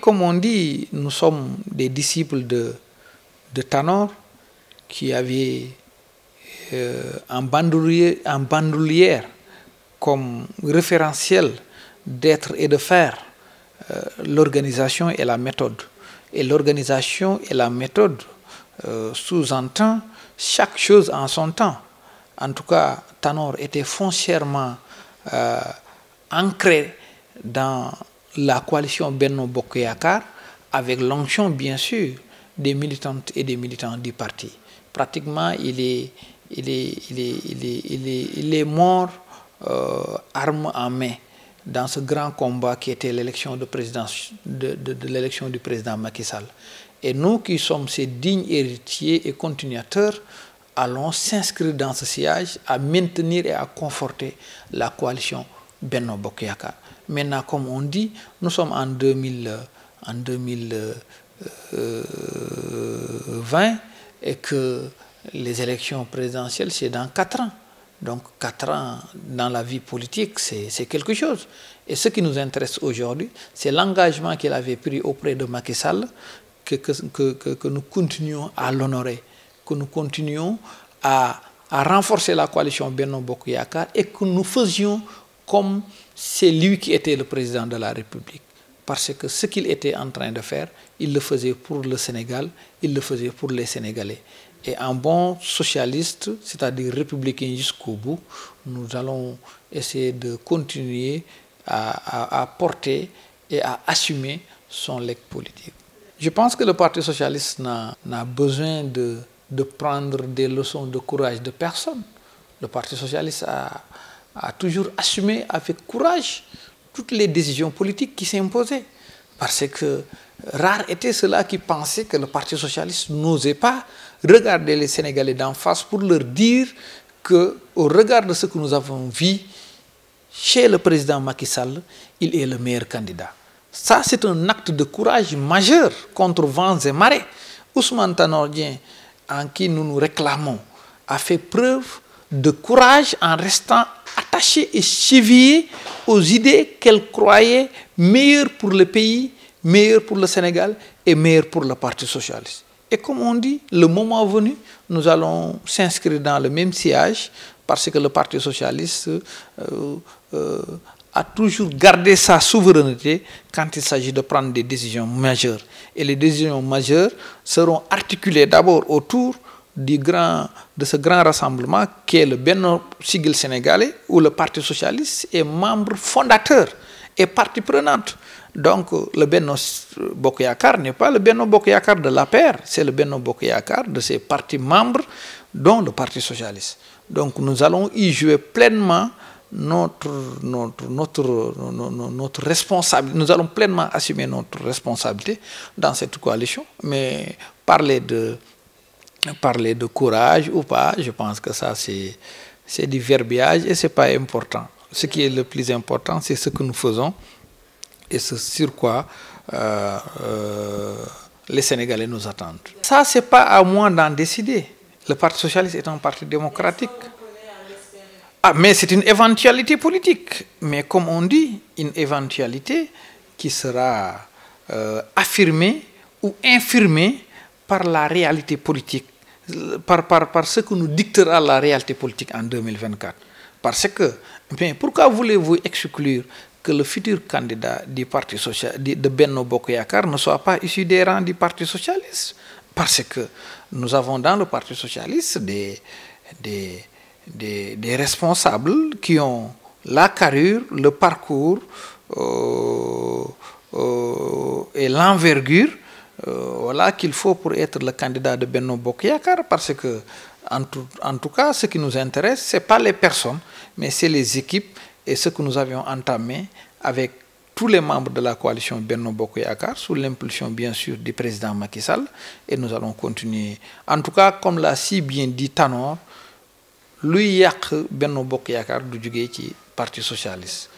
Comme on dit, nous sommes des disciples de, de Tanor qui avaient euh, un en, bandoulière, bandoulière comme référentiel d'être et de faire euh, l'organisation et la méthode. Et l'organisation et la méthode euh, sous-entend chaque chose en son temps en tout cas, Tanor était foncièrement euh, ancré dans la coalition Benno Bokoyakar, avec l'onction, bien sûr, des militantes et des militants du parti. Pratiquement, il est, il est, mort euh, arme en main dans ce grand combat qui était l'élection de de, l'élection du président Macky Sall. Et nous qui sommes ses dignes héritiers et continuateurs, allons s'inscrire dans ce sillage à maintenir et à conforter la coalition Benno Bokk maintenant comme on dit nous sommes en 2000 euh, en 2020 euh, euh, et que les élections présidentielles c'est dans quatre ans donc quatre ans dans la vie politique c'est quelque chose et ce qui nous intéresse aujourd'hui c'est l'engagement qu'il avait pris auprès de Macky Sall que nous continuons à l'honorer que nous continuions à, renforcer la coalition Benno Bokuyakar et que nous faisions comme c'est lui qui était le président de la République. Parce que ce qu'il était en train de faire, il le faisait pour le Sénégal, il le faisait pour les Sénégalais. Et un bon socialiste, c'est-à-dire républicain jusqu'au bout, nous allons essayer de continuer à, porter et à assumer son leg politique. Je pense que le Parti socialiste n'a besoin de de prendre des leçons de courage de personne. Le Parti socialiste a, toujours assumé avec courage toutes les décisions politiques qui s'imposaient. Parce que rare était cela qui pensait que le Parti socialiste n'osait pas regarder les Sénégalais d'en face pour leur dire que, au regard de ce que nous avons vu chez le président Macky Sall, il est le meilleur candidat. Ça, c'est un acte de courage majeur contre vents et marées. Ousmane Tanordien en qui nous nous réclamons a fait preuve de courage en restant attaché et chevillé aux idées qu'elle croyait meilleures pour le pays, meilleures pour le Sénégal et meilleures pour le Parti socialiste. Et comme on dit, le moment venu, nous allons s'inscrire dans le même sillage parce que le Parti socialiste euh, euh, a toujours gardé sa souveraineté quand il s'agit de prendre des décisions majeures. Et les décisions majeures seront articulées d'abord autour du de ce grand rassemblement qu'est le Benno Sigil sénégalais où le Parti socialiste est membre fondateur et partie prenante. Donc le Benno Bokéakar n'est pas le Benno Bokéakar de la paire, c'est le Benno Bokéakar de ses partis membres, dont le Parti socialiste. Donc nous allons y jouer pleinement notre, notre, notre, notre responsabilité, nous allons pleinement assumer notre responsabilité dans cette coalition, mais parler de, parler de courage ou pas, je pense que ça c'est du verbiage et ce n'est pas important. Ce qui est le plus important, c'est ce que nous faisons et ce sur quoi euh, euh, les Sénégalais nous attendent. Ça, ce n'est pas à moi d'en décider. Le Parti socialiste est un parti démocratique. Ah, mais c'est une éventualité politique. Mais comme on dit, une éventualité qui sera euh, affirmée ou infirmée par la réalité politique, par, par ce que nous dictera la réalité politique en 2024. Parce que, mais pourquoi voulez-vous exclure que le futur candidat du Parti social, de Benno Bokoyakar ne soit pas issu des rangs du Parti socialiste Parce que nous avons dans le Parti socialiste des, des des, responsables qui ont la carrure, le parcours euh, euh, et l'envergure euh, voilà, qu'il faut pour être le candidat de Benno Bokyakar parce que, en tout, cas, ce qui nous intéresse, ce n'est pas les personnes, mais c'est les équipes et ce que nous avions entamé avec tous les membres de la coalition Benno Bokoyakar, sous l'impulsion bien sûr du président Macky Sall, et nous allons continuer. En tout cas, comme l'a si bien dit Tanor, luy yàq benn Bokk Yaakaar du jóge ci parti socialiste